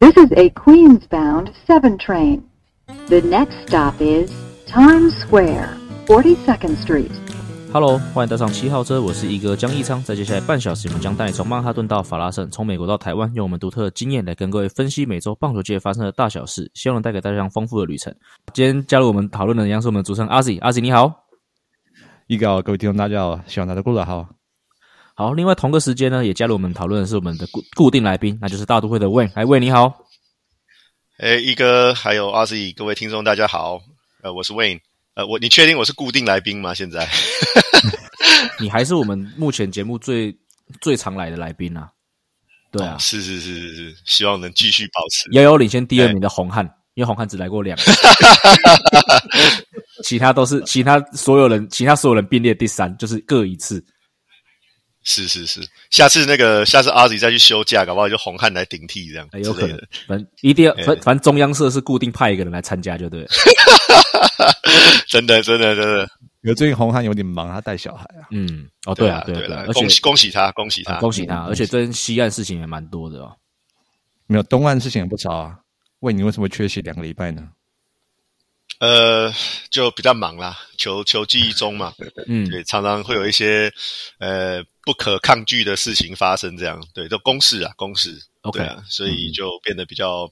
This is a Queens-bound 7 train. The next stop is Times Square, 42nd Street. Hello, 歡迎搭上七號車，我是奕哥江奕昌。在接下來半小時，我們將帶你從曼哈頓到法拉盛，從美國到台灣，用我們獨特的經驗來跟各位分析美洲棒球界發生的大小事，希望能帶給大家豐富的旅程。今天加入我們討論的，將是我們的主持人阿 Z，阿 Z 你好，毅哥好，各位聽眾大家好，希望大家過得好。好，另外同個時間呢，也加入我們討論的是我們的固固定來賓，那就是大都會的 Wayne。哎、hey,，Wayne 你好。哎、欸，奕哥還有阿 Z，各位聽眾大家好。呃，我是 Wayne。呃，我你確定我是固定來賓嗎？現在？ 你還是我們目前節目最最常來的來賓啊？對啊，是、哦、是是是是，希望能繼續保持遙遙領先第二名的紅漢，欸、因為紅漢只來過兩次， 其他都是其他所有人其他所有人並列第三，就是各一次。是是是，下次那個下次阿 Z 再去休假，搞不好就紅漢來頂替這樣、欸，有可能。反正一定要，欸、反正中央社是固定派一個人來參加，就對了 真。真的真的真的，因為最近紅漢有點忙，他帶小孩啊。嗯，哦對啊對啊對恭喜恭喜他恭喜他恭喜他，而且這西岸事情也蠻多的哦。沒有東岸事情也不少啊，問你為什麼缺席兩個禮拜呢？呃，就比較忙啦，求求記憶中嘛，嗯，對，常常會有一些呃。不可抗拒的事情發生，這樣對，就公事啊，公事，Okay. 對啊，所以就變得比較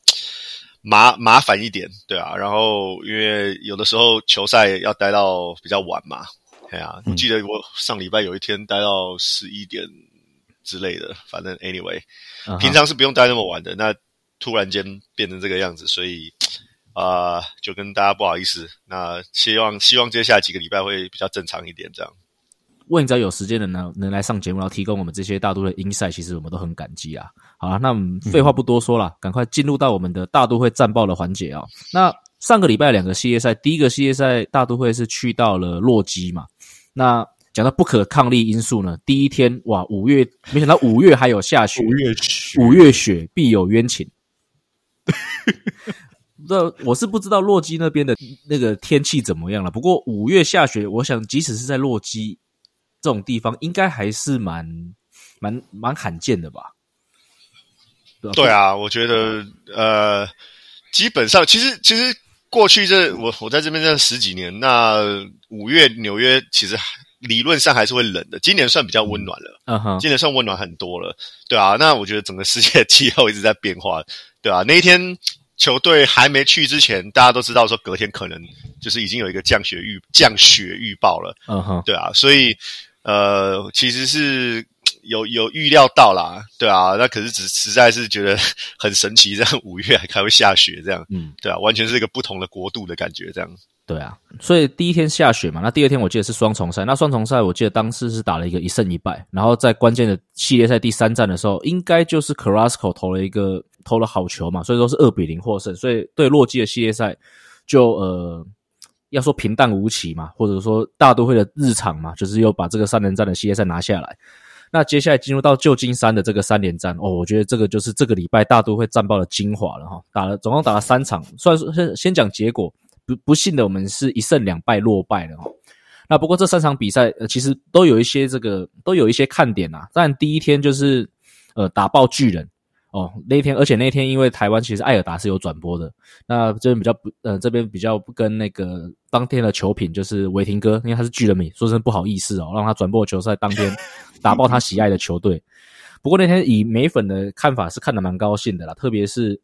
麻麻煩一點，對啊。然後因為有的時候球賽要待到比較晚嘛，對啊。嗯、我記得我上禮拜有一天待到十一點之類的，反正 anyway，、uh huh. 平常是不用待那麼晚的。那突然間變成這個樣子，所以啊、呃，就跟大家不好意思。那希望希望接下來幾個禮拜會比較正常一點，這樣。問只要有時間的能來上節目，然後提供我們這些大都會 insight 其實我們都很感激啊。好了，那我們廢話不多說了，嗯、趕快進入到我們的大都會戰報的環節啊、哦。那上個禮拜兩個系列賽，第一個系列賽大都會是去到了洛基嘛？那講到不可抗力因素呢，第一天哇，五月沒想到五月還有下雪，五月雪,五月雪必有冤情。這 我是不知道洛基那邊的那個天氣怎麼樣了，不過五月下雪，我想即使是在洛基。這種地方應該還是蠻、蠻、蠻罕見的吧？對啊，對啊，我覺得、啊、呃，基本上其實其實過去這我我在這邊這樣十幾年，那五月紐約其實理論上還是會冷的，今年算比較溫暖了，嗯哼、uh，huh. 今年算溫暖很多了，對啊，那我覺得整個世界氣候一直在變化，對啊，那一天球隊還沒去之前，大家都知道說隔天可能就是已經有一個降雪預降雪預報了，嗯哼、uh，huh. 對啊，所以。呃，其實是有有預料到啦，對啊，那可是只實在是覺得很神奇，這樣五月還會下雪這樣，嗯，對啊，完全是一個不同的國度的感覺這樣，對啊，所以第一天下雪嘛，那第二天我記得是雙重賽，那雙重賽我記得當時是打了一個一勝一敗，然後在關鍵的系列賽第三戰的時候，應該就是 Carrasco 投了一個投了好球嘛，所以說是二比零獲勝，所以對洛基的系列賽就呃。要說平淡無奇嘛，或者說大都會的日常嘛，就是又把這個三連戰的系列賽拿下來。那接下來進入到舊金山的這個三連戰，哦，我覺得這個就是這個禮拜大都會戰報的精華了哈。打了總共打了三場，算是先先講結果，不不幸的我們是一勝兩敗落敗了哈。那不過這三場比賽，呃，其實都有一些這個都有一些看點啊。但第一天就是，呃，打爆巨人。哦，那天，而且那天因為台灣其實艾爾達是有轉播的，那這邊比較不，呃，這邊比較不跟那個當天的球品，就是維廷哥，因為他是巨人迷，說聲不好意思哦，讓他轉播的球賽當天打爆他喜愛的球隊。 不過那天以美粉的看法是看得蠻高興的啦，特別是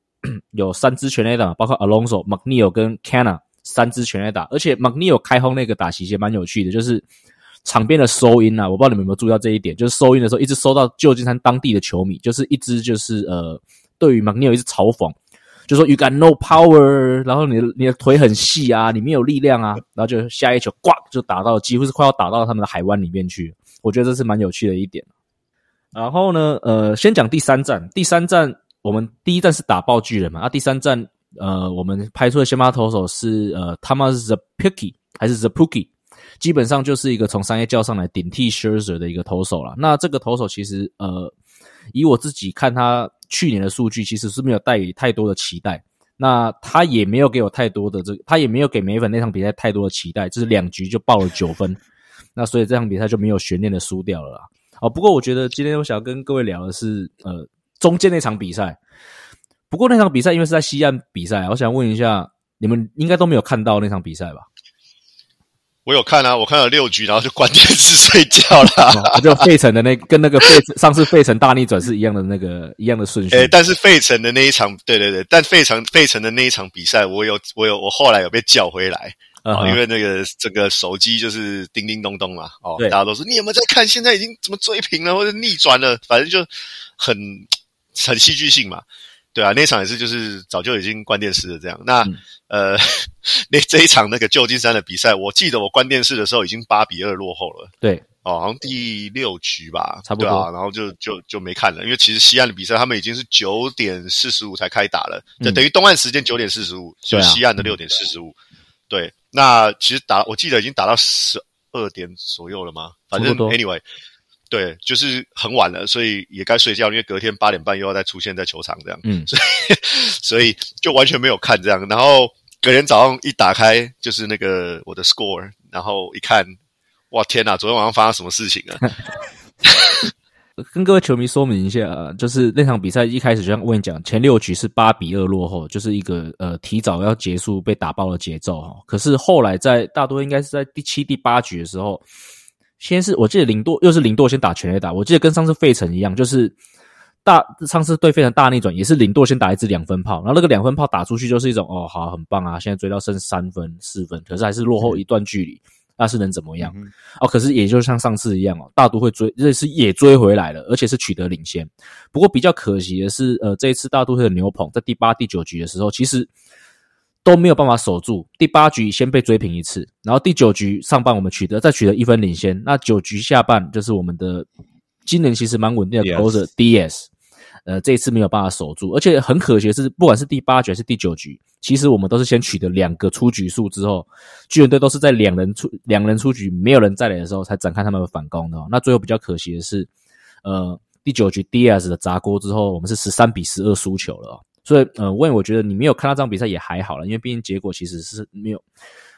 有三支全壘打，包括 Alonso、McNeil 跟 Cano 三支全壘打，而且 McNeil 開轟那個打席也蠻有趣的，就是。場邊的收音啊，我不知道你們有沒有注意到這一點，就是收音的時候一直收到舊金山當地的球迷，就是一直就是呃，對於 McNeil 一直嘲諷，就說 you got no power，然後你你的腿很細啊，你沒有力量啊，然後就下一球，咣、呃、就打到幾乎是快要打到他們的海灣裡面去，我覺得這是蠻有趣的一點。然後呢，呃，先講第三戰，第三戰我們第一戰是打爆巨人嘛，啊，第三戰呃，我們派出的先發投手是呃，Thomas 是 The Picky 還是 The Pookie？基本上就是一個從三 A 叫上來頂替 Scherzer 的一個投手了。那這個投手其實，呃，以我自己看他去年的數據，其實是沒有帶太多的期待。那他也沒有給我太多的這，他也沒有給美粉那場比賽太多的期待，就是兩局就爆了九分。那所以這場比賽就沒有懸念的輸掉了啦。啊、哦，不過我覺得今天我想要跟各位聊的是，呃，中間那場比賽。不過那場比賽因為是在西岸比賽，我想問一下，你們應該都沒有看到那場比賽吧？我有看啊，我看了六局，然後就關電視睡覺啦。 就費城的那跟那個費，上次費城大逆轉是一樣的那個一樣的順序。欸，但是費城的那一場，對對對，但費城費城的那一場比賽，我有我有我後來有被叫回來啊，哦，因為那個這個手機就是叮叮咚咚咚嘛，哦，對大家都說你有沒有在看？現在已經怎麼追平了或者逆轉了，反正就很很戲劇性嘛。對啊，那場也是，就是早就已經關電視了這樣。那、嗯、呃，那這一場那個舊金山的比賽，我記得我關電視的時候已經八比二落後了。對，哦，好像第六局吧，差不多。對啊，然後就就就沒看了，因為其實西岸的比賽他們已經是九點四十五才開打了，嗯、等於東岸時間九點四十五，啊、就是西岸的六點四十五。對，那其實打，我記得已經打到十二點左右了嗎？反正多多多 Anyway。對，就是很晚了，所以也該睡覺，因為隔天八點半又要再出現在球場這樣，嗯，所以所以就完全沒有看這樣，然後隔天早上一打開就是那個我的 score，然後一看，哇天啊，昨天晚上發生什麼事情啊？ 跟各位球迷說明一下啊，就是那場比賽一開始就像我跟你講，前六局是八比二落後，就是一個呃提早要結束被打爆的節奏哈，可是後來在大都應該是在第七、第八局的時候。先是我記得 Lindor 又是 Lindor 先打全壘打，我記得跟上次費城一樣，就是大上次對費城大逆轉，也是 Lindor 先打一支兩分炮，然後那個兩分炮打出去就是一種哦好、啊、很棒啊，現在追到剩三分四分，可是還是落後一段距離，對那是能怎麼樣、嗯、哼哦？可是也就像上次一樣哦，大都會追這次也追回來了，而且是取得領先。不過比較可惜的是，呃，這一次大都會的牛棚在第八第九局的時候，其實。都沒有辦法守住，第八局先被追平一次，然後第九局上半我們取得再取得一分領先，那九局下半就是我們的今年其實蠻穩定的，Closer DS，呃，這一次沒有辦法守住，而且很可惜的是，不管是第八局還是第九局，其實我們都是先取得兩個出局數之後，巨人隊都是在兩人出兩人出局沒有人再來的時候才展開他們的反攻的、哦，那最後比較可惜的是，呃，第九局 DS 的砸鍋之後，我們是十三比十二輸球了、哦。所以，呃，問我覺得你沒有看到這場比賽也還好了，因為畢竟結果其實是沒有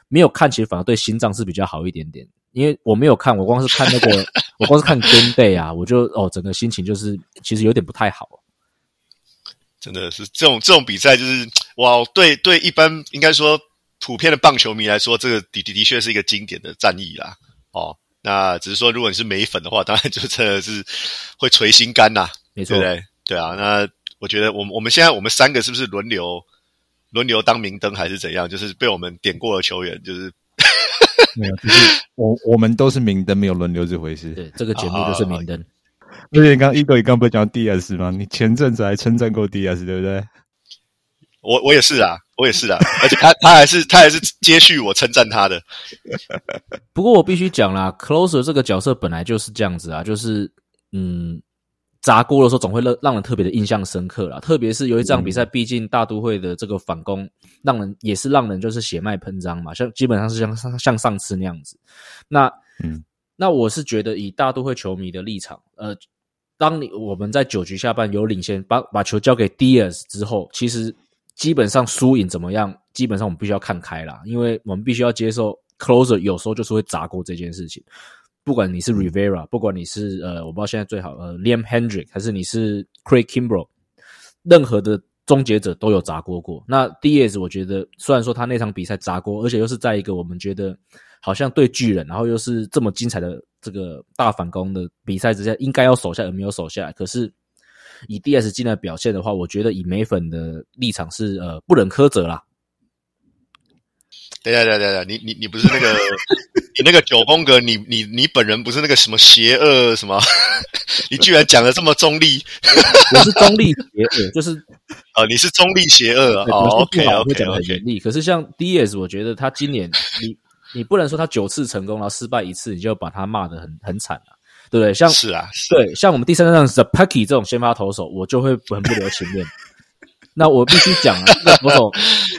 沒有看，其實反而對心臟是比較好一點點。因為我沒有看，我光是看那個， 我光是看肩背啊，我就哦，整個心情就是其實有點不太好。真的是這種這種比賽，就是哇，對對，一般應該說普遍的棒球迷來說，這個的的的確是一個經典的戰役啦。哦，那只是說如果你是美粉的話，當然就真的是會捶心肝吶，沒錯，對不對？對啊，那。我覺得，我我們現在我們三個是不是輪流輪流當明燈還是怎樣？就是被我們點過的球員，就是 沒有我我們都是明燈，沒有輪流這回事。對，這個節目就是明燈。哦哦哦哦，而且剛奕哥你剛不是講 DS 嗎？你前陣子還稱讚過 DS 對不對？我我也是啊，我也是啊，我也是啦 而且他他還是他還是接續我稱讚他的。不過我必須講啦，Closer 這個角色本來就是這樣子啊，就是嗯。砸鍋的時候總會讓人特別的印象深刻啦，特別是由於這場比賽，嗯、畢竟大都會的這個反攻讓人也是讓人就是血脈噴張嘛，像基本上是像上像上次那樣子，那嗯，那我是覺得以大都會球迷的立場，呃，當你我們在九局下半有領先，把把球交給 Diaz 之後，其實基本上輸贏怎麼樣，基本上我們必須要看開啦，因為我們必須要接受 Closer 有時候就是會砸鍋這件事情。不管你是 Rivera，不管你是呃，我不知道現在最好呃 Liam Hendriks，還是你是 Craig Kimbrel，任何的終結者都有砸鍋過。那 Diaz 我覺得，雖然說他那場比賽砸鍋，而且又是在一個我們覺得好像對巨人，然後又是這麼精彩的這個大反攻的比賽之下，應該要守下而沒有守下，可是以 Diaz 進來表現的話，我覺得以梅粉的立場是呃不能苛責啦。對對對對，你你你不是那個 你那個九宮格，你你你本人不是那個什麼邪惡什麼？ 你居然講的這麼中立？ 我是中立邪惡，就是啊、哦，你是中立邪惡啊。OK, OK 我會講的很嚴厲，OK 可是像 DS，我覺得他今年，你你不能說他九次成功然後失敗一次，你就把他罵的很很慘、啊、對不對，像是啊，是啊對，像我們第三場的 Packy 這種先發投手，我就會很不留情面。 那我必須講啊，那、這個投手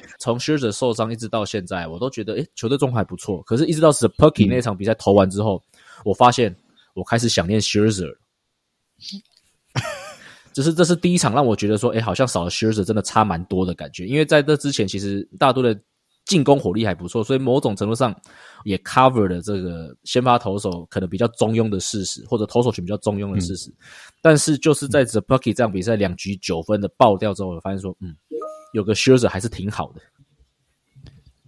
S 從 Scherzer 受傷一直到現在，我都覺得哎，球隊狀態還不錯。可是，一直到 Szapucki 那場比賽投完之後，我發現我開始想念 Scherzer 了。只 是這是第一場讓我覺得說，哎，好像少了 Scherzer 真的差蠻多的感覺。因為在這之前，其實大多的進攻火力還不錯，所以某種程度上也 Cover 了這個先發投手可能比較中庸的事實，或者投手群比較中庸的事實。嗯、但是，就是在 Szapucki 這場比賽兩局九分的爆掉之後，我發現說，嗯。有個靴子還是挺好的。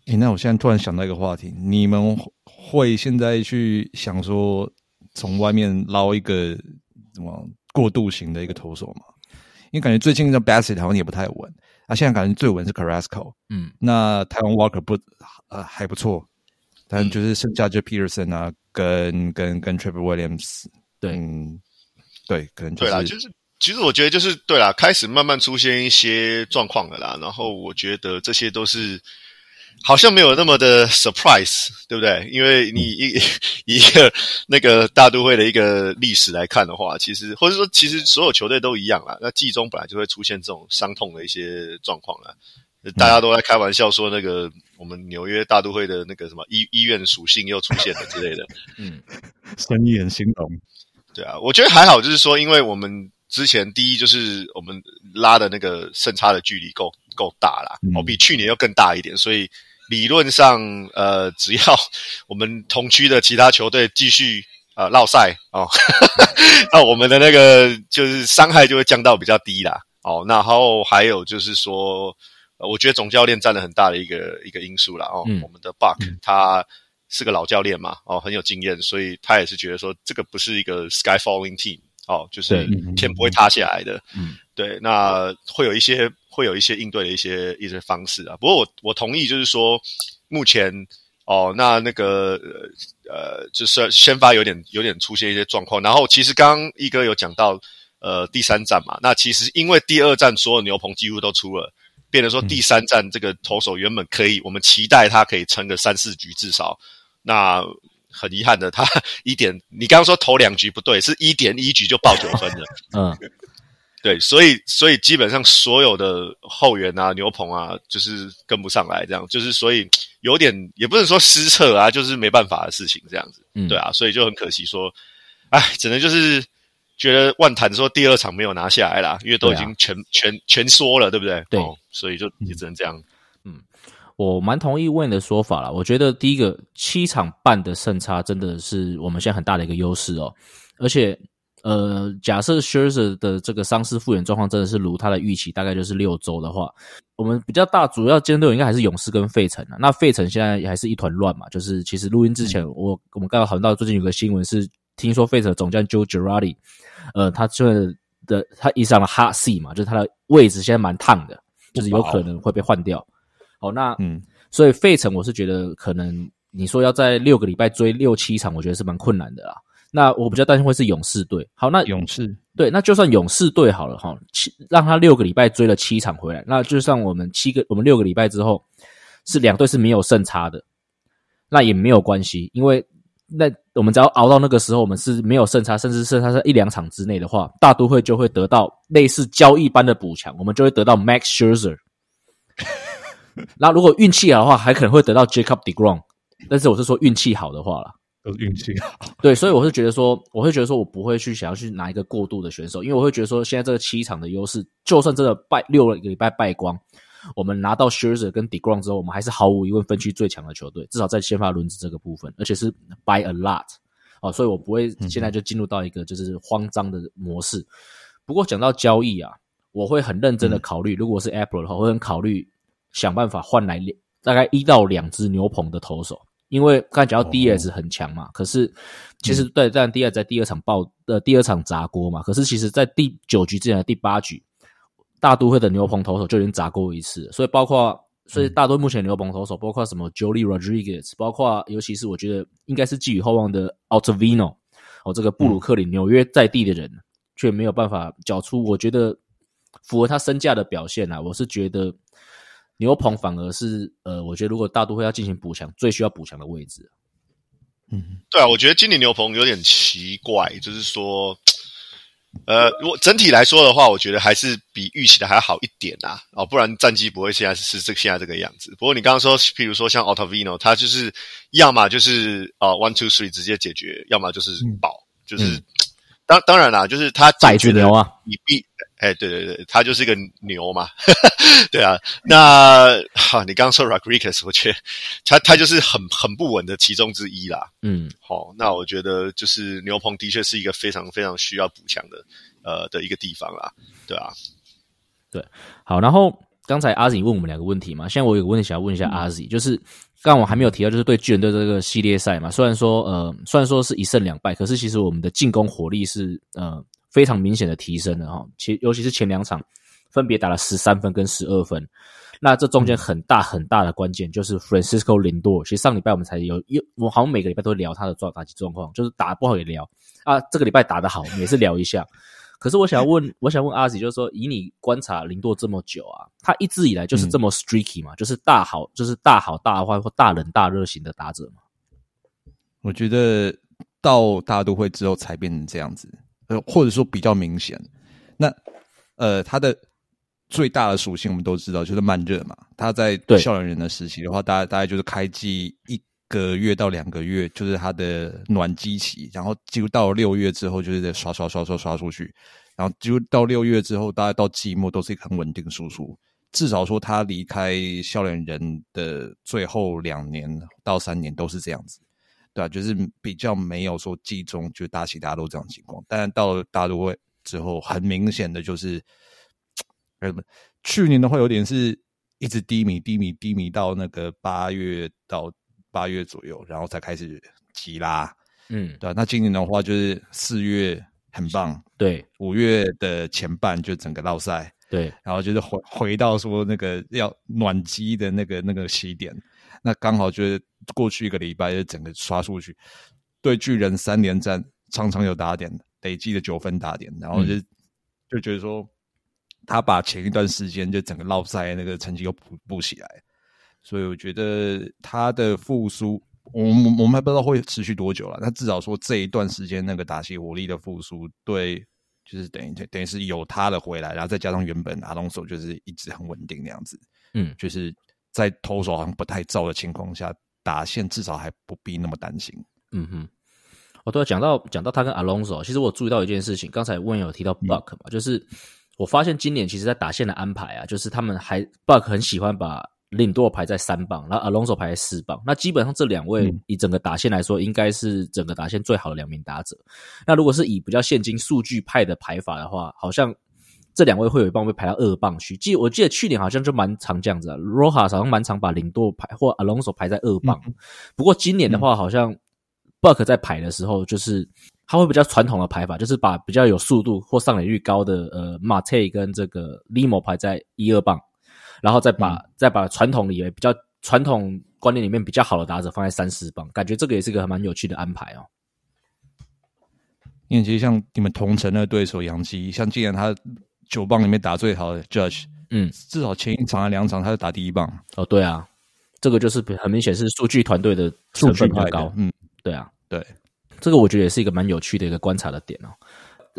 哎、欸，那我現在突然想到一個話題，你們會現在去想說從外面撈一個什麼過渡型的一個投手嗎？因為感覺最近的 Bassett 好像也不太穩，啊，現在感覺最穩是 Carrasco。嗯，那台灣 Walker 不呃還不錯，但是就是、嗯、剩下就 Peterson 啊，跟跟跟 Trevor Williams、嗯。對，對，可能就是。其實我覺得就是對啦，開始慢慢出現一些狀況了啦。然後我覺得這些都是好像沒有那麼的 surprise，對不對？因為你一一個那個大都會的一個歷史來看的話，其實或者說其實所有球隊都一樣啦。那季中本來就會出現這種傷痛的一些狀況啦。大家都在開玩笑說那個我們紐約大都會的那個什麼醫醫院屬性又出現了之類的。嗯，生意很興隆。對啊，我覺得還好，就是說因為我們。之前第一就是我們拉的那個勝差的距離夠夠大啦，哦、嗯，比去年要更大一點，所以理論上呃，只要我們同區的其他球隊繼續呃落賽哦， 那我們的那個就是傷害就會降到比較低啦，哦，然後還有就是說，我覺得總教練占了很大的一個一個因素啦哦，嗯、我們的 Buck、嗯、他是個老教練嘛，哦，很有經驗，所以他也是覺得說這個不是一個 sky falling team。哦，就是天不會塌下來的，嗯、對，那會有一些會有一些應對的一些一些方式啊。不過我我同意，就是說目前哦，那那個呃呃，就是先發有點有點出現一些狀況。然後其實剛剛奕哥有講到，呃，第三戰嘛，那其實因為第二戰所有牛棚幾乎都出了，變得說第三戰這個投手原本可以，嗯、我們期待他可以撐個三四局至少，那。很遺憾的，他一點你剛剛說投兩局不對，是一點一局就爆九分的、啊。嗯，對，所以所以基本上所有的後援啊、牛棚啊，就是跟不上來，這樣就是所以有點也不能說失策啊，就是沒辦法的事情，這樣子。嗯、對啊，所以就很可惜說，說哎，只能就是覺得萬談說第二場沒有拿下來啦，因為都已經全、啊、全全梭了，對不對？對、哦，所以就也只能這樣。嗯我蠻同意問的說法啦，我覺得第一個七場半的勝差真的是我們現在很大的一個優勢哦，而且呃，假設 Scherzer 的這個傷勢復原狀況真的是如他的預期，大概就是六週的話，我們比較大主要競爭對手應該還是勇士跟費城，啊、那費城現在還是一團亂嘛，就是其實錄音之前、嗯、我我們剛剛談到最近有個新聞是，聽說費城的總將 Joe Girardi 呃，他就是的他遇上了 hot seat 嘛，就是他的位置現在蠻燙的，就是有可能會被換掉。好，那嗯，所以費城，我是覺得可能你說要在六個禮拜追六七場，我覺得是蠻困難的啦。那我比較擔心會是勇士隊。好，那勇士氣隊、嗯，對，那就算勇士隊好了哈，讓他六個禮拜追了七場回來，那就算我們七個，我們六個禮拜之後是兩隊是沒有勝差的，那也沒有關係，因為那我們只要熬到那個時候，我們是沒有勝差，甚至是勝差在一兩場之內的話，大都會就會得到類似交易般的補強，我們就會得到 Max Scherzer。 那如果運氣好的話，還可能會得到 Jacob deGrom，但是我是說運氣好的話了，都運氣好。 對，所以我是覺得說，我會覺得說我不會去想要去拿一個過渡的選手，因為我會覺得說，現在這個七場的優勢，就算真的敗六個禮拜敗光，我們拿到 Scherzer 跟 deGrom 之後，我們還是毫無疑問分區最強的球隊，至少在先發輪值這個部分，而且是 by a lot 哦，所以我不會現在就進入到一個就是慌張的模式。嗯、不過講到交易啊，我會很認真的考慮，嗯、如果是 Apple 的話，我會很考慮。想辦法換來兩，大概一到兩隻牛棚的投手，因為剛才講到 DS 很強嘛，哦、可是其實對，但 DS 在第二場爆的，呃、第二場砸鍋嘛，可是其實在第九局之前的第八局，大都會的牛棚投手就已經砸鍋一次，所以包括，所以大多目前牛棚投手，包括什麼 Joely Rodríguez，包括尤其是我覺得應該是寄予厚望的 Ottavino 哦，這個布魯克林紐約在地的人，卻沒有辦法繳出我覺得符合他身價的表現啊，我是覺得。牛棚反而是呃，我覺得如果大都會要進行補強，最需要補強的位置，嗯，對啊，我覺得今年牛棚有點奇怪，就是說，呃，如果整體來說的話，我覺得還是比預期的還要好一點啊，哦，不然戰績不會現在是這個、現在這個樣子。不過你剛剛說，譬如說像 Ottavino 他就是要麼就是啊 one two three 直接解決，要麼就是保，嗯、就是、嗯、當當然啦、啊，就是他載具的，的話，你必。哎，hey, 對對對，他就是個牛嘛， 對啊。那哈、啊、你剛剛說 Rodríguez 我覺得他他就是很很不穩的其中之一啦。嗯，好、哦，那我覺得就是牛棚的確是一個非常非常需要補強的呃的一個地方啦，對啊。對，好，然後剛才阿 Z 問我們兩個問題嘛，現在我有個問題想要問一下阿 Z、嗯、就是剛剛我還沒有提到，就是對巨人的這個系列賽嘛，雖然說呃，雖然說是一勝兩敗，可是其實我們的進攻火力是呃。非常明顯的提升了哈，其尤其是前兩場分別打了十三分跟十二分，那這中間很大很大的關鍵就是 Francisco Lindor。其實上禮拜我們才有，又我好像每個禮拜都會聊他的狀打擊狀況，就是打不好也聊啊，這個禮拜打得好，每次聊一下。 可是我想要問，我想問阿奕，就是說以你觀察 Lindor 這麼久啊，他一直以來就是這麼 streaky 嘛、嗯就，就是大好就是大好大壞或大冷大熱型的打者嗎？我覺得到大都會之後才變成這樣子。呃，或者說比較明顯，那呃，它的最大的屬性我們都知道，就是慢熱嘛。他在校園人的時期的話，大概對大概就是開季一個月到兩個月，就是它的暖機期，然後就到六月之後，就是在刷刷刷刷刷刷出去，然後就到六月之後，大概到季末都是一個很穩定輸出，至少說他離開笑臉人的最後兩年到三年都是這樣子。啊，就是比較沒有說集中，就大起大落這種情況。但是到了大都會之後，很明顯的就是，去年的話有點是一直低迷、低迷、低迷到那個八月到八月左右，然後才開始急拉。嗯，對、啊。那今年的話，就是四月很棒，對。五月的前半就整個落賽，對。然後就是回回到說那個要暖機的那個那個起點。那剛好就是過去一個禮拜，就整個刷數據，對巨人三連戰常常有打點累計的九分打點，然後就、嗯、就覺得說他把前一段時間就整個落塞那個成績又補補起來，所以我覺得他的復甦，我我我們還不知道會持續多久啦。那至少說這一段時間那個打擊火力的復甦，對，就是等於等於是有他的回來，然後再加上原本阿龍索就是一直很穩定那樣子，嗯，就是。在投手好像不太糟的情況下，打線至少還不必那麼擔心。嗯哼，哦、oh,，對，講到講到他跟阿隆索，其實我注意到一件事情，剛才問有提到 Buck 嘛，嗯、就是我發現今年其實，在打線的安排啊，就是他們還 Buck 很喜歡把 Lindor 排在三棒，然後阿隆索排在四棒。那基本上這兩位以整個打線來說，應該是整個打線最好的兩名打者。嗯、那如果是以比較現今數據派的排法的話，好像，這兩位會有一棒被排到二棒去。記我記得去年好像就蠻常這樣子 Rojas 好像蠻常把 Lindor 排或 Alonso 排在二棒，嗯、不過今年的話，好像、嗯、Buck 在排的時候，就是他會比較傳統的排法，就是把比較有速度或上壘率高的呃 Marte 跟這個 Nimmo 排在一二棒，然後再把、嗯、再把傳統裡面比較傳統觀念裡面比較好的打者放在三四棒，感覺這個也是一個蠻有趣的安排哦。因為其實像你們同城的對手洋基，像既然他。九棒裡面打最好的 Judge，嗯，至少前一場啊兩場他是打第一棒。嗯，哦，對啊，這個就是很明顯是數據團隊的成分太高，嗯，對啊，對，這個我覺得也是一個蠻有趣的一個觀察的點哦。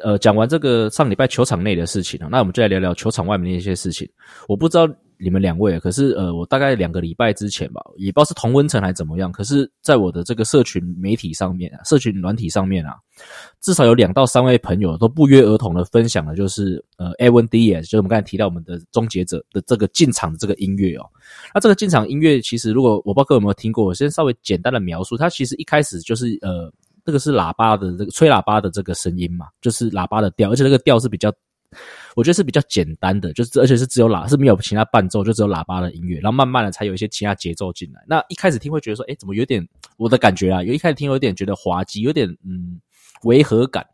呃，講完這個上禮拜球場內的事情哦，那我們就來聊聊球場外面的一些事情。我不知道。你們兩位，可是呃，我大概兩個禮拜之前吧，也不知道是同溫層還怎麼樣。可是，在我的這個社群媒體上面啊，社群軟體上面啊，至少有兩到三位朋友都不約而同的分享了，就是呃，Edwin Diaz，就我們剛才提到我們的終結者的這個進場的這個音樂哦。那這個進場音樂其實，如果我不知道各位有沒有聽過，我先稍微簡單的描述。它其實一開始就是呃，那、這個是喇叭的這個吹喇叭的這個聲音嘛，就是喇叭的調，而且那個調是比較。我覺得是比較簡單的，就是而且是只有喇是沒有其他伴奏，就只有喇叭的音樂，然後慢慢的才有一些其他節奏進來。那一開始聽會覺得說，哎、欸，怎麼有點我的感覺啊？有一開始聽有點覺得滑稽，有點嗯違和感。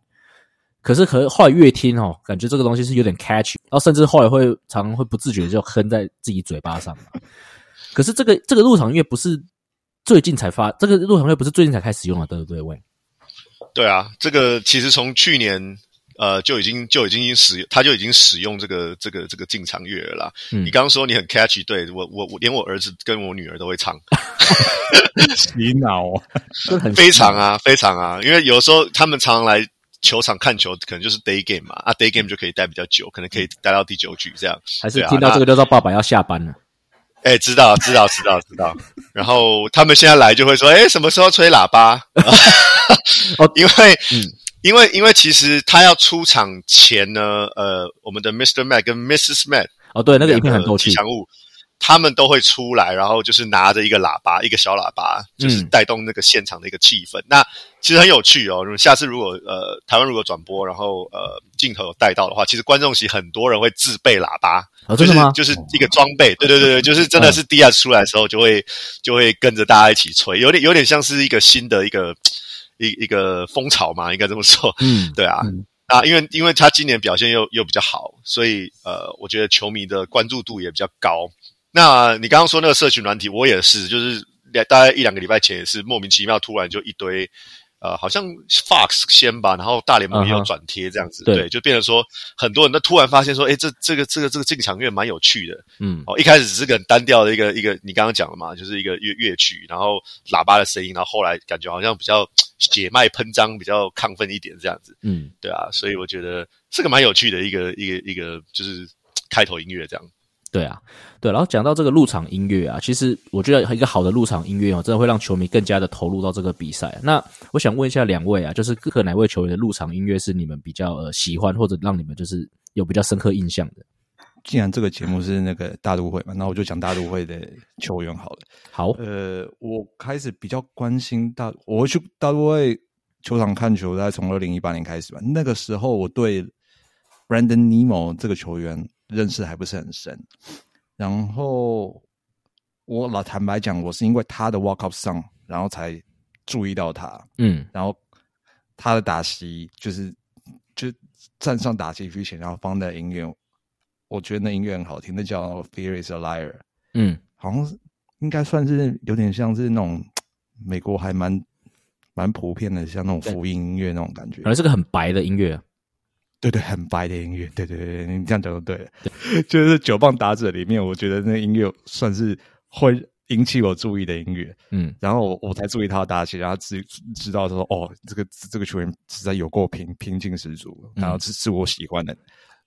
可是可是後來越聽哦、喔，感覺這個東西是有點 catch，然後甚至後來會常常會不自覺就哼在自己嘴巴上。可是這個這個入場音樂不是最近才發，這個入場音樂不是最近才開始用啊？對不對？喂，對啊，這個其實從去年。呃，就已經就已經使用，他就已經使用這個這個這個進場樂了啦。嗯，你剛剛說你很 catchy，對我我我連我兒子跟我女兒都會唱， 洗腦、哦，是很非常啊，非常啊，因為有時候他們常來球場看球，可能就是 day game 嘛，啊 day game 就可以待比較久，可能可以待到第九局這樣。還是聽到、啊、那這個叫做爸爸要下班了，哎、欸，知道知道知道知道，知道知道 然後他們現在來就會說，哎、欸，什麼時候吹喇叭？哦， 因為嗯。因為，因為其實他要出場前呢，呃，我們的 Mr. Met 跟 Mrs. Met，哦，對，個那個影片很多氣。吉祥物他們都會出來，然後就是拿着一個喇叭，一個小喇叭，就是帶動那個現場的一個氣氛。嗯、那其實很有趣哦。下次如果呃台灣如果轉播，然後呃鏡頭有帶到的話，其實觀眾席很多人會自備喇叭，哦、就是就是一個裝備。對、哦、對對對，就是真的是第二出來的時候，就會就會跟着大家一起吹，有點有點像是一個新的一個。一一個風潮嘛，應該這麼說，嗯，對、嗯、啊，啊，因為因為他今年表現又又比較好，所以呃，我覺得球迷的關注度也比較高。那你剛剛說那個社群軟體，我也是，就是兩大概一兩個禮拜前也是莫名其妙突然就一堆，呃，好像 Fox 先吧，然後大聯盟又轉貼這樣子，啊、對、對，就變成說很多人都突然發現說，哎、欸，這這個這個這個進場樂蠻有趣的，嗯，哦，一開始只是個很單調的一個一個，你剛剛講了嘛，就是一個樂樂曲，然後喇叭的聲音，然後後來感覺好像比較。血脈噴張，比較亢奮一點，這樣子，嗯，對啊，所以我覺得是個蠻有趣的一個一個一個，就是開頭音樂這樣，嗯、對啊，對、啊。啊、然後講到這個入場音樂啊，其實我覺得一個好的入場音樂哦，真的會讓球迷更加的投入到這個比賽、啊。那我想問一下兩位啊，就是各個哪位球員的入場音樂是你們比較呃喜歡，或者讓你們就是有比較深刻印象的？既然這個節目是那個大都會嘛，那我就講大都會的球員好了。好，呃，我開始比較關心大，我去大都會球場看球大概從二零一八年開始吧。那個時候我對 Brandon Nemo 這個球員認識還不是很深，然後我老坦白講，我是因為他的 Walk Up Song，然後才注意到他。嗯，然後他的打擊就是就是，站上打擊區前，然後放在音樂。我覺得那音樂很好聽，那叫《Fear Is a Liar》。嗯，好像是應該算是有點像是那種美國還蠻蠻普遍的，像那種福音音樂那種感覺。而是個很白的音樂，啊。對，對對，很白的音樂。對對對，你這樣講就對了。對 就是九棒打者裡面，我覺得那音樂算是會引起我注意的音樂。嗯，然後我才注意他的打擊，然後知知道說，哦，這個這個球員實在有夠拼，拼勁十足，然後是是我喜歡的。嗯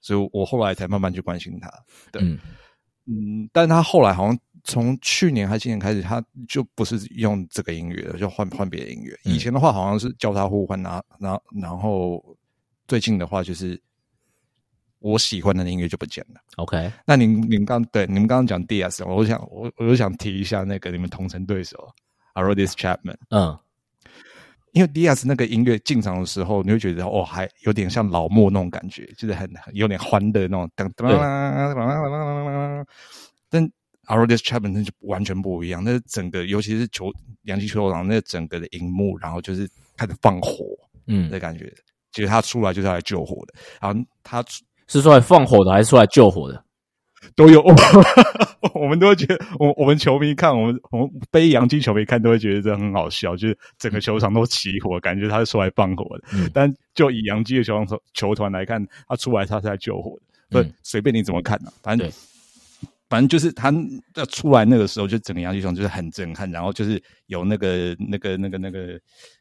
所以我後來才慢慢去關心他，對，嗯，嗯、但他後來好像從去年還今年開始，他就不是用這個音樂了，就換換別的音樂。以前的話好像是叫他互換，然後然後最近的話就是我喜歡的音樂就不見了。OK，那你你們剛對你們剛剛講 D S，我想我我就想提一下那個你們同城對手 Aroldis Chapman，嗯。因為迪亞斯那個音樂進場的時候，你會覺得哦，還有點像老莫那種感覺，就是很有點歡的那種噔噔噔。噔噔噔噔噔噔，但<對 >Aroldis Chapman 就完全不一樣。那整個，尤其是球洋基球場，那整個的熒幕，然後就是開始放火，嗯的感覺。其實、嗯、他出來就是來救火的。然後他是出來放火的，還是出來救火的？都有。哦 我們都會覺得，我我們球迷看，我們我們背洋基球迷看，都會覺得這很好笑，就是整個球場都起火，感覺他是出來放火的。但就以洋基的球球團來看，他出來他是來救火的。不隨便你怎麼看呢、啊，反正反正就是他在出來那個時候，就整個洋基球場就是很震撼，然後就是有那個那個那個那個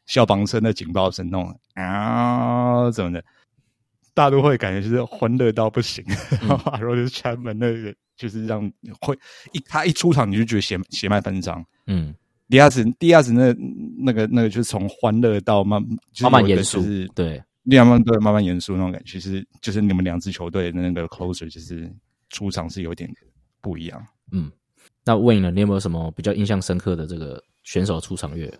消防車那警報聲弄啊怎麼的。大都會感覺就是歡樂到不行，嗯、然後就是開門那個，就是讓會一他一出場你就覺得血脈血脈賁張，嗯，第二次，第二次那那個那個就是從歡樂到慢，就是就是、慢慢嚴肅，對，慢慢對慢慢嚴肅那種感覺是，其實就是你們兩支球隊的那個 closer，就是出場是有點不一樣，嗯，那問你了，你有沒有什麼比較印象深刻的這個選手出場樂？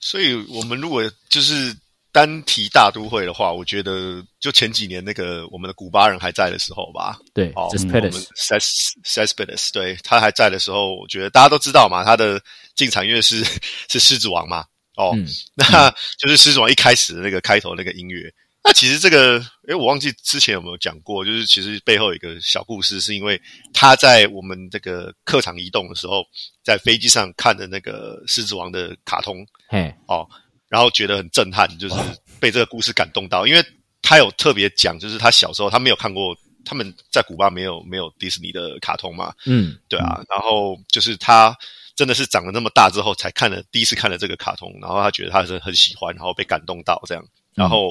所以我們如果就是。單提大都會的話，我覺得就前幾年那個我們的古巴人還在的時候吧，對，哦，Céspedes，對，他還在的時候，我覺得大家都知道嘛，他的進場音樂是是獅子王嘛，哦，嗯，那就是獅子王一開始的那個開頭那個音樂。那其實這個，哎，我忘記之前有沒有講過，就是其實背後有一個小故事，是因為他在我們這個客場移動的時候，在飛機上看着那個獅子王的卡通，嘿，哦。然後覺得很震撼，就是被這個故事感動到，Wow. 因為他有特別講，就是他小時候他沒有看過，他們在古巴沒有沒有迪士尼的卡通嘛，嗯，對啊，然後就是他真的是長了那麼大之後才看了第一次看了這個卡通，然後他覺得他是很喜歡，然後被感動到這樣，然後、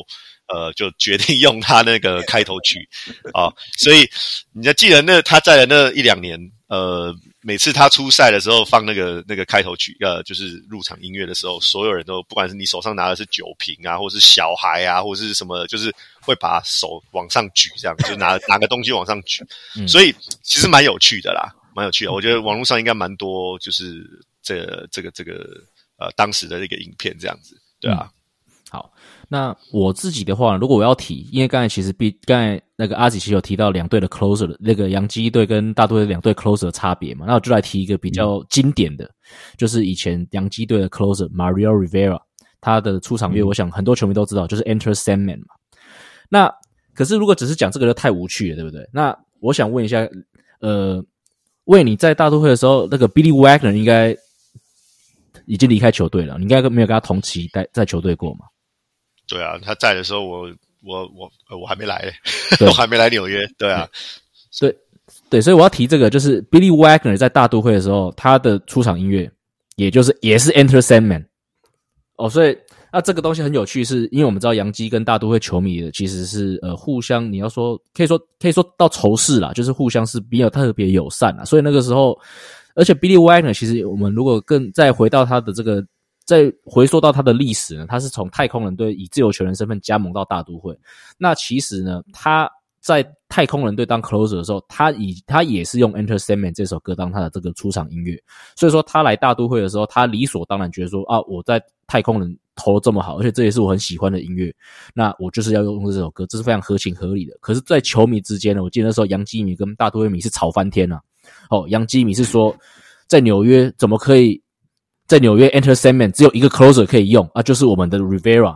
嗯、呃就決定用他那個開頭曲 Yeah. 啊，吧所以你要記得那他在的那一兩年呃，每次他出賽的時候，放那個那個開頭曲，呃，就是入場音樂的時候，所有人都，不管是你手上拿的是酒瓶啊，或者是小孩啊，或者是什麼，就是會把手往上舉，這樣就拿拿個東西往上舉。 嗯、所以其實蠻有趣的啦，蠻有趣的。嗯、我覺得網絡上應該蠻多，就是這個、這個這個呃當時的那個影片這樣子，對啊。嗯那我自己的話呢，如果我要提，因為剛才其實比，剛才那個阿其實有提到兩隊的 closer，那個洋基隊跟大都會的兩隊 closer 的差別嘛，那我就來提一個比較經典的，嗯、就是以前洋基隊的 closer Mario Rivera，他的出場樂，嗯、我想很多球迷都知道，就是 Enter Sandman 嘛。那可是如果只是講這個就太無趣了，對不對？那我想問一下，呃，為你在大都會的時候，那個 Billy Wagner 應該已經離開球隊了，嗯、你應該沒有跟他同期在在球隊過嗎？對啊，他在的時候我，我我我我還沒來，對 我還沒來紐約。對啊，嗯、對對，所以我要提這個，就是 Billy Wagner 在大都會的時候，他的出場音樂，也就是也是 Enter Sandman。哦，所以那、啊、這個東西很有趣是，是因為我們知道洋基跟大都會球迷的其實是呃互相，你要說可以說可以說到仇視啦，就是互相是比較特別友善啦，所以那個時候，而且 Billy Wagner 其實我們如果更再回到他的這個。在回溯到他的歷史呢，他是從太空人隊以自由球員身份加盟到大都會。那其實呢，他在太空人隊當 closer 的時候，他以他也是用《Enter Sandman》這首歌當他的這個出場音樂。所以說，他來大都會的時候，他理所當然覺得說啊，我在太空人投的這麼好，而且這也是我很喜歡的音樂，那我就是要用這首歌，這是非常合情合理的。可是，在球迷之間呢，我記得那時候洋基迷跟大都會迷是吵翻天了，啊。哦，洋基迷是說，在紐約怎麼可以？在紐約，Enter Sandman 只有一個 closer 可以用啊，就是我們的 Rivera。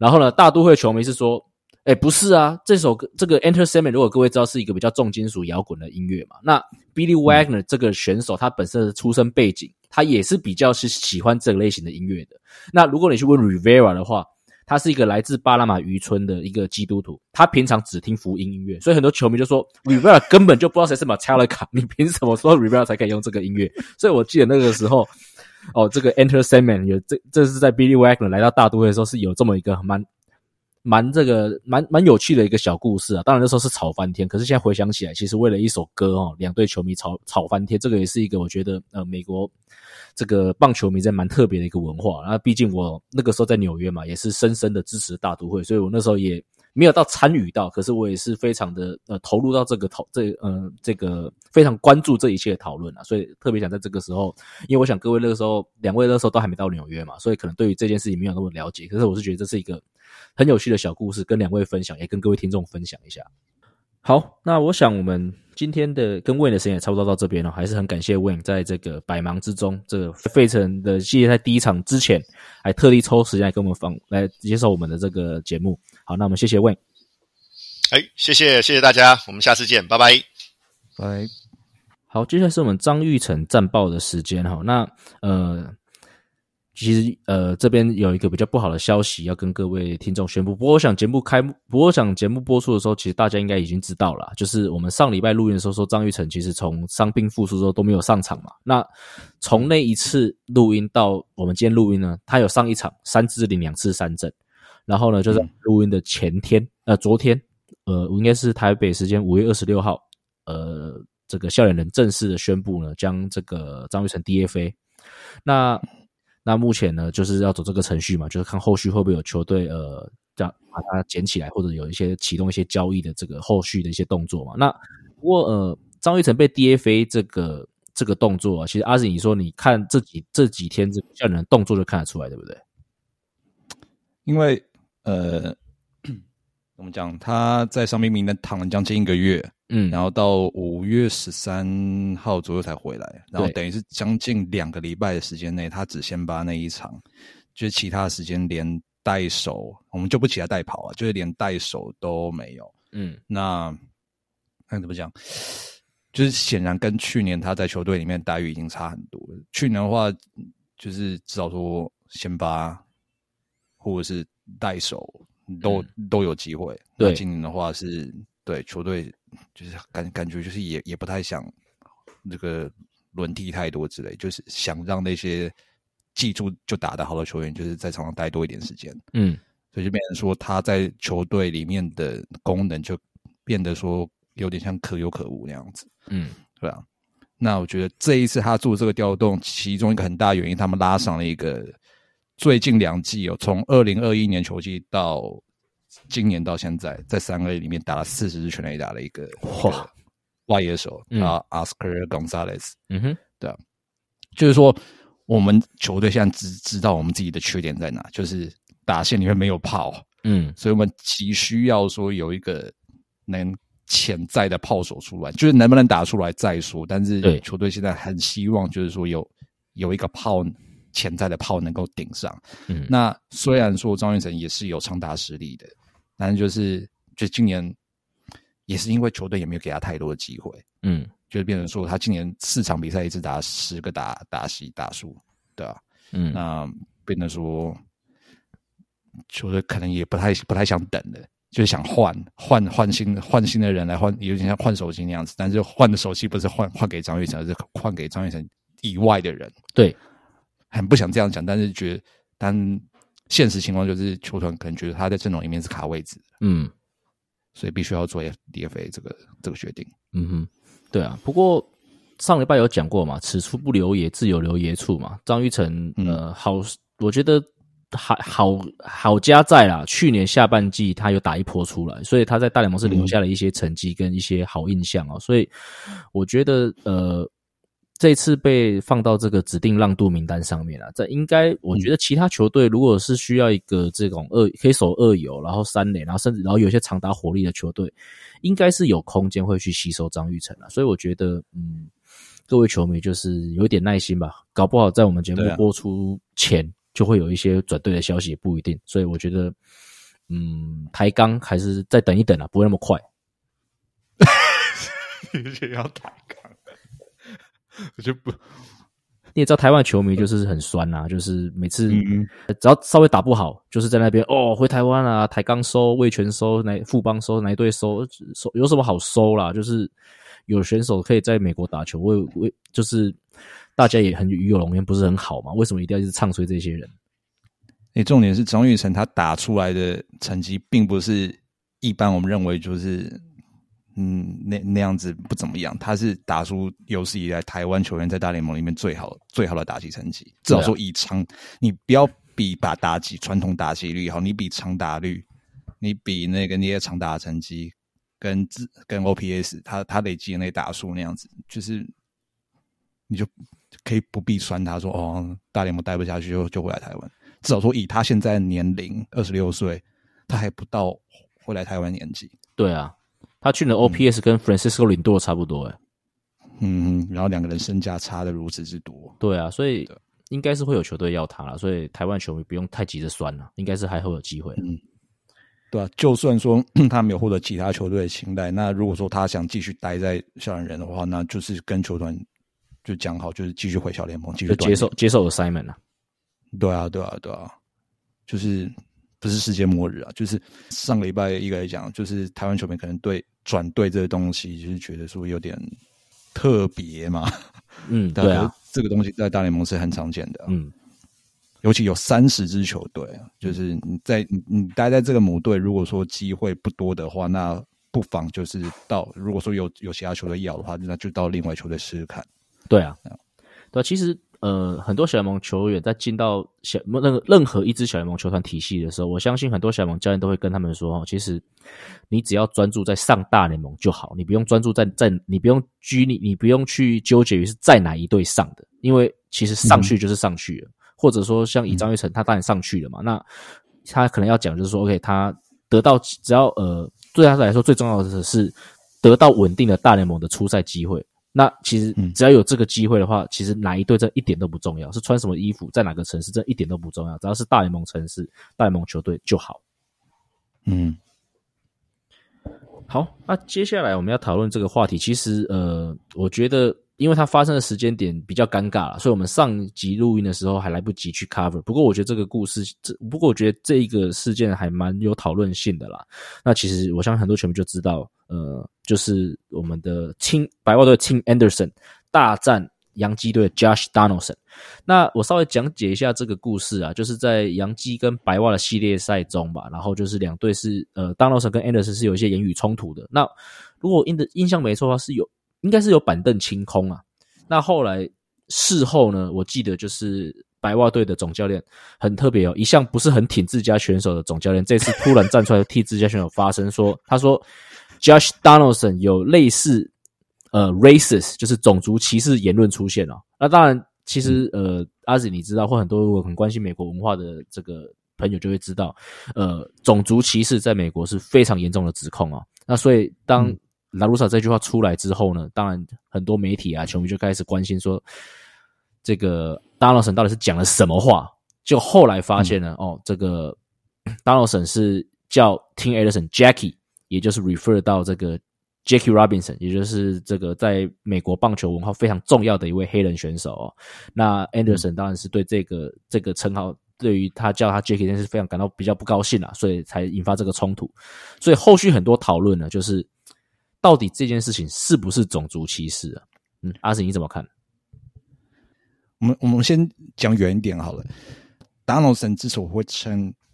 然後呢，大都會球迷是說：“哎，不是啊，這首這個 Enter Sandman 如果各位知道是一個比較重金屬搖滾的音樂嘛。那 Billy Wagner 這個選手，嗯、他本身的出身背景，他也是比較是喜歡這個類型的音樂的。那如果你去問 Rivera 的話，他是一個來自巴拿馬漁村的一個基督徒，他平常只聽福音音樂，所以很多球迷就說 Rivera 根本就不知道誰是 Metallica，你憑什麼說 Rivera 才可以用這個音樂？所以我記得那個時候。” 哦，這個 Enter Sandman 有這這是在 Billy Wagner 來到大都會的時候是有這麼一個蠻蠻這個蠻蠻有趣的一個小故事啊。當然那時候是吵翻天，可是現在回想起來，其實為了一首歌哦，兩隊球迷吵吵翻天，這個也是一個我覺得呃美國這個棒球迷在蠻特別的一個文化。然後畢竟我那個時候在紐約嘛，也是深深的支持大都會，所以我那時候也。沒有到參與到，可是我也是非常的呃投入到這個討這呃這個非常關注這一切的討論了啊，所以特別想在這個時候，因為我想各位那個時候兩位那個時候都還沒到紐約嘛，所以可能對於這件事情沒有那麼了解，可是我是覺得這是一個很有趣的小故事，跟兩位分享，也跟各位聽眾分享一下。好，那我想我們今天的跟 Win 的時間也差不多到這邊了哦，還是很感謝 Win 在這個百忙之中，這個費城的系列賽第一場之前，還特地抽時間來跟我們訪來接受我們的這個節目。好，那我們謝謝魏。哎，謝謝謝謝大家，我們下次見，拜拜，拜 Bye。好，接下來是我們張育成戰報的時間哈。那呃，其實呃這邊有一個比較不好的消息要跟各位聽眾宣布。不過我想節目開幕，不過我想節目播出的時候，其實大家應該已經知道了，就是我們上禮拜錄音的時候，說張育成其實從傷病復出之後都沒有上場嘛。那從那一次錄音到我們今天錄音呢，他有上一場三支零，兩次三振。然後呢，就是錄音的前天，呃，昨天，呃，應該是台北時間五月二十六號，呃，這個笑臉人正式的宣布呢，將這個張育成 DFA。那那目前呢，就是要走這個程序嘛，就是看後續會不會有球隊呃，這樣把它撿起來，或者有一些啟動一些交易的這個後續的一些動作嘛。那不過呃，張育成被 DFA 這個這個動作，啊，其實阿 s 你說，你看這幾這幾天這笑臉的動作就看得出來，對不對？因為呃咳咳，怎麼講？他在傷兵名單躺了將近一個月，嗯，然後到五月十三號左右才回來，對然後等於是將近兩個禮拜的時間內，他只先發那一場，就是其他的時間連帶手，我們就不期待帶跑啊，就是連帶手都沒有，嗯，那那、哎、怎麼講？就是顯然跟去年他在球隊裡面待遇已經差很多了，去年的話，就是至少說先發。或者是帶手都都有機會。嗯、對，那今年的話是，對球隊就是感感覺就是也也不太想這個輪替太多之類，就是想讓那些記住就打的好的球員就是在場上待多一點時間。嗯，所以就變成說他在球隊裡面的功能就變得說有點像可有可無那樣子。嗯，對吧、啊？那我覺得這一次他做這個調動，其中一個很大原因，他們拉上了一個。最近兩季哦，從二零二一年球季到今年到現在，在三個月裡面打了四十支全壘打的一個哇外野手啊、嗯、，Oscar Gonzalez，嗯哼，對啊，就是說我們球隊現在知知道我們自己的缺點在哪，就是打線裡面沒有炮，嗯，所以我們急需要說有一個能潛在的炮手出來，就是能不能打出來再說，但是球隊現在很希望就是說有有一個炮。潛在的炮，能夠頂上，嗯，那雖然說張育成也是有強打實力的，但是就是就今年也是因為球隊也沒有給他太多的機會，嗯，就是變成說他今年四場比賽一直打十個打打席打數，對吧、啊。嗯，那變成說就是可能也不太不太想等了，就是想換換換新換新的人來換，有點像換手機那樣子，但是換的手機不是換換給張育成，而是換給張育成以外的人，對。很不想這樣講，但是覺得，但現實情況就是，球團可能覺得他在陣容裡面是卡位置，嗯，所以必須要做 DFA 這個這個決定，嗯哼，對啊。不過上禮拜有講過嘛，此處不留爺，自有留爺處嘛。張育成，呃，好，我覺得好好好家在啦。去年下半季他有打一波出來，所以他在大聯盟是留下了一些成績跟一些好印象哦。嗯、所以我覺得，呃。這次被放到這個指定讓渡名單上面了，啊，這應該我覺得其他球隊如果是需要一個這種二可以守二游，然後三壘，然後甚至然後有些長打火力的球隊，應該是有空間會去吸收張育成啊。所以我覺得，嗯，各位球迷就是有一點耐心吧，搞不好在我們節目播出前，啊，就會有一些轉隊的消息，也不一定。所以我覺得，嗯，台鋼還是再等一等啊，不會那麼快。也 要台鋼。我就不，你也知道台灣球迷就是很酸吶、啊，嗯嗯，就是每次只要稍微打不好，就是在那邊哦，回台灣啊，台鋼收、味全收、哪富邦收、哪一隊收，收有什麼好收啦？就是有選手可以在美國打球，為為就是大家也很與有榮焉不是很好嘛？為什麼一定要一直唱衰這些人？誒、欸，重點是張育成他打出來的成績並不是一般我們認為就是。嗯，那那樣子不怎麼樣。他是打出有史以來台灣球員在大聯盟裡面最好最好的打擊成績。至少說以長，啊、你不要比把打擊傳統打擊率好，你比長打率，你比那個那些長打的成績跟自跟 OPS，他他累積的那打數那樣子，就是你就可以不必酸他說哦，大聯盟待不下去就就回來台灣。至少說以他現在的年齡二十六歲，他還不到回來台灣年紀。對啊。他去年 OPS 跟 Francisco 領度差不多誒、欸嗯。嗯，然後兩個人身價差的如此之多，對啊，所以應該是會有球隊要他了，所以台灣球迷不用太急着酸了、啊，應該是還會有機會，嗯，對啊，就算說他沒有獲得其他球隊的青睞，那如果說他想繼續待在小人的話，那就是跟球團就講好，就是繼續回小聯盟，繼續就接受接受 assignment、啊、對啊，對啊，對啊，就是不是世界末日啊，就是上個禮拜一個來講，就是台灣球迷可能對。轉隊這個東西，就是覺得說有點特別嘛，嗯，對啊， 這個東西在大聯盟是很常見的，嗯，尤其有三十支球隊，就是你在你待在這個母隊，如果說機會不多的話，那不妨就是到如果說有有其他球隊要的話，那就到另外球隊試試看，對啊，嗯、對啊，其實。呃，很多小聯盟球員在進到小那個任、任何一支小聯盟球團體系的時候，我相信很多小聯盟教練都會跟他們說，齁，其實你只要專注在上大聯盟就好，你不用專注在在，你不用拘泥，你不用去糾結於是在哪一隊上的，因為其實上去就是上去了。嗯、或者說，像以張育成，他當然上去了嘛，嗯、那他可能要講就是說，OK，他得到只要呃，對他來說最重要的，是得到穩定的大聯盟的出賽機會。那其實只要有這個機會的話，嗯、其實哪一隊這一點都不重要，是穿什麼衣服，在哪個城市這一點都不重要，只要是大聯盟城市、大聯盟球隊就好。嗯，好，那接下來我們要討論這個話題。其實，呃，我覺得因為它發生的時間點比較尷尬了，所以我們上一集錄音的時候還來不及去 cover。不過，我覺得這個故事，這不過我覺得這一個事件還蠻有討論性的啦。那其實我相信很多球迷就知道。呃，就是我們的青白襪隊的 Tim Anderson 大戰洋基隊的 Josh Donaldson。那我稍微講解一下這個故事啊，就是在洋基跟白襪的系列賽中吧，然後就是兩隊是呃 Donaldson 跟 Anderson 是有一些言語衝突的。那如果印印象沒錯的話，是有應該是有板凳清空啊。那後來事後呢，我記得就是白襪隊的總教練很特別哦，一向不是很挺自家選手的總教練，這次突然站出來替自家選手發聲，說他說。Josh Donaldson 有類似呃 racist，就是種族歧視言論出現了，哦。那當然，其實呃，阿紫，嗯啊，你知道，或很多人很關心美國文化的這個朋友就會知道，呃，種族歧視在美國是非常嚴重的指控啊，哦。那所以當 La Russa 這句話出來之後呢，嗯，當然很多媒體啊、球迷就開始關心說，這個 Donaldson 到底是講了什麼話？就後來發現呢，嗯、哦，這個 Donaldson 是叫 Tim Anderson Jackie。也就是 refer 到這個 Jackie Robinson，也就是這個在美國棒球文化非常重要的一位黑人選手、哦。那 Anderson 當然是對這個、嗯、這個稱號，對於他叫他 Jackie 但是非常感到比較不高興了、啊，所以才引發這個衝突。所以後續很多討論呢，就是到底這件事情是不是種族歧視啊？嗯，阿神你怎麼看？我們我們先講遠一點好了。Donaldson 之所以會稱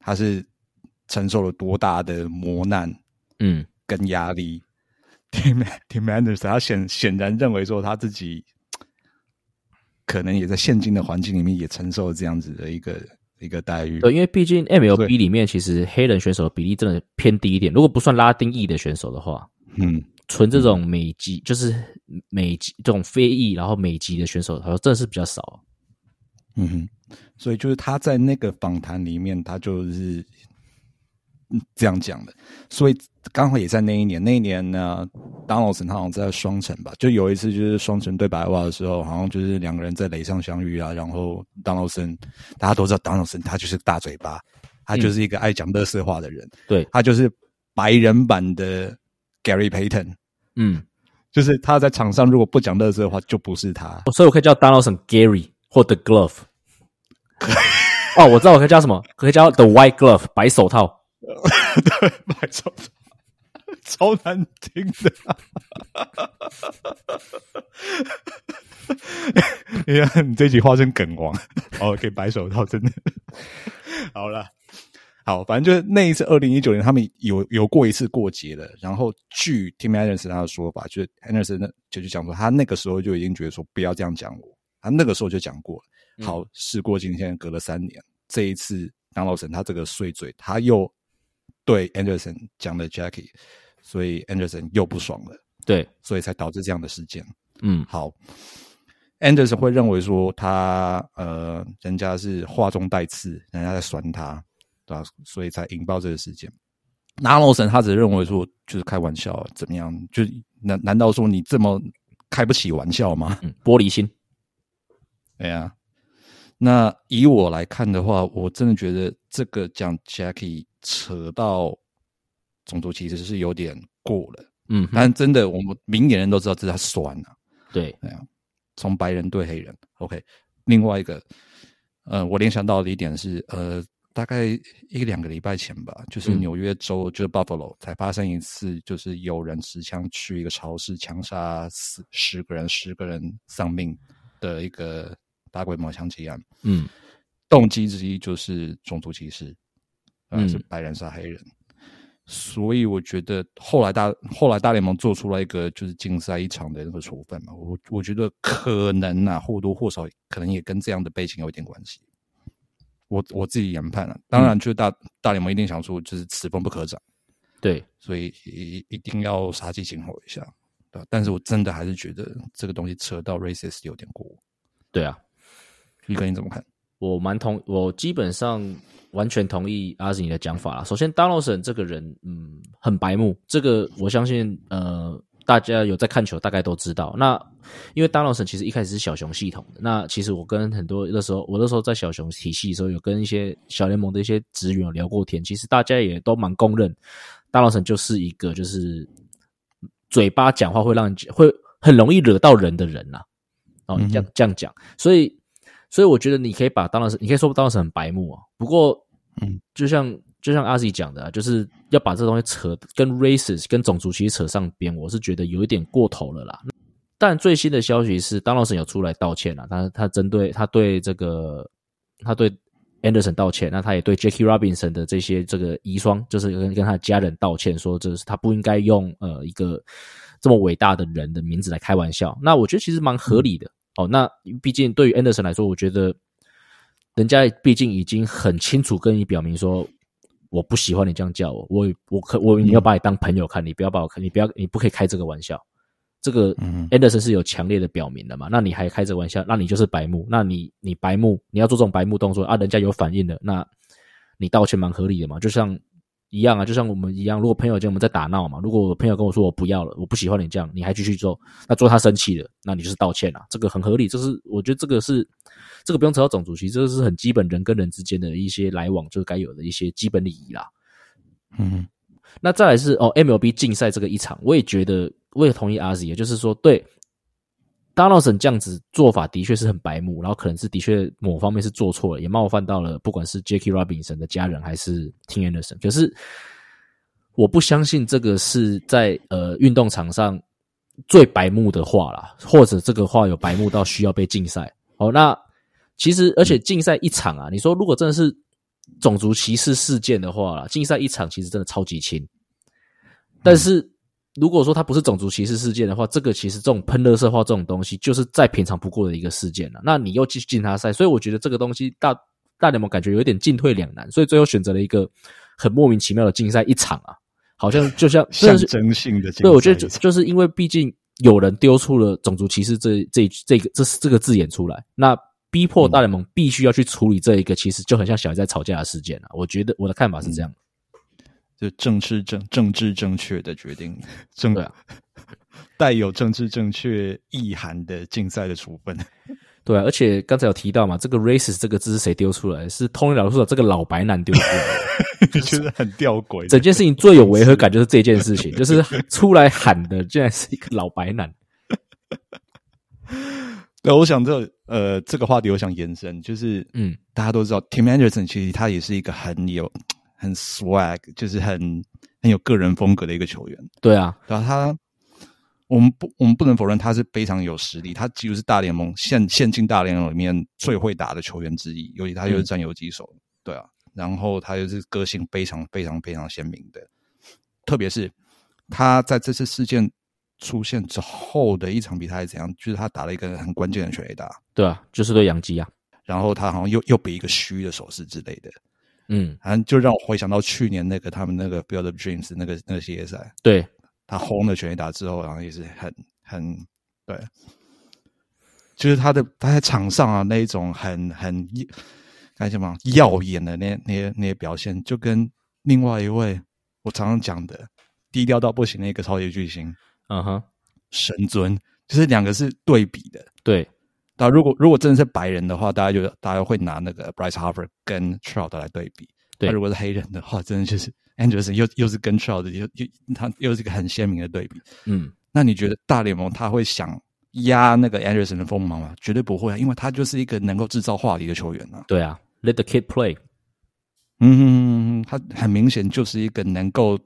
他是承受了多大的磨難，嗯，跟壓力 demands，、嗯、 他顯顯然認為說他自己可能也在現今的環境裡面也承受了這樣子的一個一個待遇。對，因為畢竟 M L B 裡面其實黑人選手的比例真的偏低一點，所以，如果不算拉丁裔的選手的話，嗯，純這種美籍、嗯、就是美籍這種非裔，然後美籍的選手，他說真的是比較少。嗯哼，所以就是他在那個訪談裡面，他就是這樣講的。所以剛好也在那一年，那一年呢，Donaldson 他好像在雙城吧，就有一次就是雙城對白襪的時候，好像就是兩個人在壘上相遇啊。然後 Donaldson，大家都知道 Donaldson，他就是大嘴巴，他就是一個愛講垃圾話的人。對、嗯、他就是白人版的 Gary Payton。嗯，就是他在場上如果不講垃圾的話，就不是他。所以我可以叫 Donaldson Gary。或 the glove，哦， oh, 我知道我可以叫什麼，可以叫 the white glove 白手套，對， 白手套，超難聽的、啊。哎呀，你這一句話真梗王哦，可、oh, 以、okay, 白手套，真的 好了，好，反正就是那一次，2 0 1 9年他們有，有過一次過節的，然後據聽 i m 斯他的說法，就是 a n 斯就就講說，他那個時候就已經覺得說，不要這樣講我。啊，他那個時候就講過了。好，事過境遷，隔了三年，嗯、這一次，Donaldson 他這個碎嘴，他又對 Anderson 講了 Jackie，所以 Anderson 又不爽了，對，所以才導致這樣的事件。嗯，好，Anderson 會認為說他呃，人家是話中帶刺，人家在酸他，對吧？所以才引爆這個事件。Donaldson 他只認為說就是開玩笑，怎麼樣？就難難道說你這麼開不起玩笑嗎？玻璃心。對呀、啊，那以我來看的話，我真的覺得這個講 Jackie 扯到種族其實是有點過了，嗯哼，但真的，我們明眼人都知道這是他酸了、啊，對，那呀、啊，從白人對黑人，OK，另外一個，呃，我聯想到的一點是，呃，大概一兩個禮拜前吧，就是紐約州、嗯、就是 Buffalo 才發生一次，就是有人持槍去一個超市槍殺十十個人，十個人喪命的一個。大規模槍擊案，嗯，動機之一就是種族歧視，嗯，是白人殺黑人，所以我覺得後來大後來大聯盟做出來一個就是禁賽一場的那個處分嘛，我我覺得可能啊或多或少可能也跟這樣的背景有一點關係。我我自己研判了、啊，嗯、當然，就大大聯盟一定想說就是此風不可長，對，所以一一定要殺雞儆猴一下，對吧？但是我真的還是覺得這個東西扯到 racist 有點過，對啊。一個你個人怎麼看？我蠻同，我基本上完全同意阿 Zi 的講法啦。首先，Donaldson 這個人，嗯，很白目，這個我相信，呃，大家有在看球，大概都知道。那因為 Donaldson 其實一開始是小熊系統，那其實我跟很多那時候我那時候在小熊體系的時候，有跟一些小聯盟的一些職員有聊過天，其實大家也都蠻公認，Donaldson，嗯、哼就是一個就是嘴巴講話會讓人會很容易惹到人的人吶，啊。哦，這樣，嗯，哼這樣講，所以。所以我覺得你可以把 Donaldson，你可以說 Donaldson 很白目啊。不過，嗯，就像就像阿 Z 講的啊，就是要把這東西扯跟 racist 跟種族歧視扯上邊，我是覺得有一點過頭了啦。但最新的消息是，Donaldson 有出來道歉了啊，他他針對他對這個他對 Anderson 道歉，那他也對 Jackie Robinson 的這些這個遺孀，就是跟跟他的家人道歉，說這是他不應該用呃一個這麼偉大的人的名字來開玩笑。那我覺得其實蠻合理的。嗯哦，那畢竟對於 Anderson 來說，我覺得人家畢竟已經很清楚跟你表明說，我不喜歡你這樣叫我，我我可我你要把你當朋友看，你不要把我看，你不要你不可以開這個玩笑，這個嗯 Anderson 是有強烈的表明的嘛？那你還開着玩笑，那你就是白目，那你你白目，你要做這種白目動作啊？人家有反應的，那你道歉蠻合理的嘛？就像。一樣啊，就像我們一樣，如果朋友間我們在打鬧嘛，如果朋友跟我說我不要了，我不喜歡你這樣，你還繼續做，那做他生氣了，那你就是道歉了、啊，這個很合理，這、就是我覺得這個是這個不用扯到總主席這是很基本人跟人之間的一些來往，就該、是、有的一些基本禮儀啦。嗯，那再來是哦，MLB 競賽這個一場，我也覺得我也同意阿 Z，也就是說對。Donaldson 這樣子做法的確是很白目，然後可能是的確某方面是做錯了，也冒犯到了不管是 Jackie Robinson 的家人還是 Tim Anderson，就是，可是我不相信這個是在呃運動場上最白目的話啦，或者這個話有白目到需要被禁賽。好，那其實而且禁賽一場啊，嗯、你說如果真的是種族歧視事件的話啦，禁賽一場其實真的超級輕，但是。嗯如果說他不是種族歧視事件的話，這個其實這種噴垃圾話這種東西，就是再平常不過的一個事件了、啊。那你又繼續禁他賽，所以我覺得這個東西大大聯盟感覺有點進退兩難，所以最後選擇了一個很莫名其妙的禁賽一場啊，好像就像 象徵性的。禁賽。對，我覺得就就是因為畢竟有人丟出了種族歧視這這這，這個這是這個字眼出來，那逼迫大聯盟必須要去處理這一個，嗯、其實就很像小孩在吵架的事件啊。我覺得我的看法是這樣。嗯就政治正政治正確的決定，真的、啊、帶有政治正確意涵的競賽的處分，對啊，而且剛才有提到嘛，這個 “racist” 這個字是誰丟出來的？是通靈老師說這個老白男丟出來的， 就是、你覺得很吊詭。整件事情最有違和感就是這件事情， 就是出來喊的竟然是一個老白男。那對對我想這個、呃，這個話題我想延伸，就是嗯，大家都知道 Tim Anderson，其實他也是一個很有。很 swag，就是很很有個人風格的一個球員。對啊，然後他，我們不，我們不能否認他是非常有實力，他幾乎是大聯盟現，現今大聯盟裡面最會打的球員之一。尤其他又是站游擊手，嗯、對啊。然後他又是個性非常非常非常鮮明的，特別是他在這次事件出現之後的一場比賽是怎樣？就是他打了一個很關鍵的全壘打，對啊，就是對洋基啊，然後他好像又又比一個虛的手勢之類的。嗯，反正就讓我回想到去年那個他們那個 Build up Dreams 那個那系列賽，對，他轟了全壘打之後，然後也是很很對，就是他的他在場上啊那一種很很，看見嗎？耀眼的那那些那些表現，就跟另外一位我常常講的低調到不行的一個超級巨星，嗯哼，神尊，就是兩個是對比的，對。那如果如果真的是白人的話，大家就大家會拿那個 Bryce Harper 跟 Trout 來對比。對，如果是黑人的話，真的就是 Anderson 又又是跟 Trout 又又他又是一個很鮮明的對比。嗯，那你覺得大聯盟他會想壓那個 Anderson 的鋒芒嗎？絕對不會，啊，因為他就是一個能夠制造話題的球員呢、啊。對啊，Let the kid play。嗯，他很明顯就是一個能夠。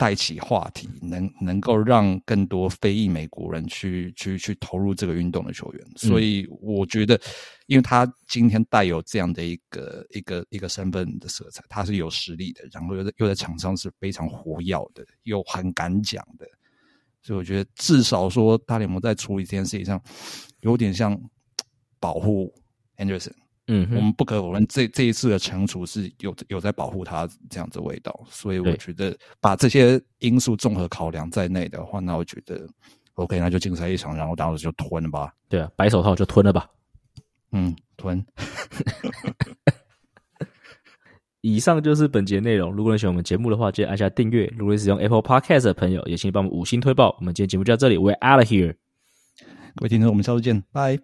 帶起話題，能能夠讓更多非裔美國人去去去投入這個運動的球員，嗯、所以我覺得，因為他今天帶有這樣的一個、嗯、一個一個身份的色彩，他是有實力的，然後又在又在場上是非常活躍的，又很敢講的，所以我覺得至少說，大聯盟在處理這件事情上，有點像保護 Anderson。嗯哼，我們不可否認，我們這這一次的懲處是有有在保護它這樣子的味道，所以我覺得把這些因素綜合考量在內的話，那我覺得 OK，那就禁賽一場，然後當時就吞了吧。對啊，白手套就吞了吧。嗯，吞。 以上就是本節內容。如果你喜歡我們節目的話，記得按下訂閱。如果你使用 Apple Podcast 的朋友，也請你幫我們五星推爆。我們今天節目就到這裡，We're out of here。各位聽眾，我們下次見，拜。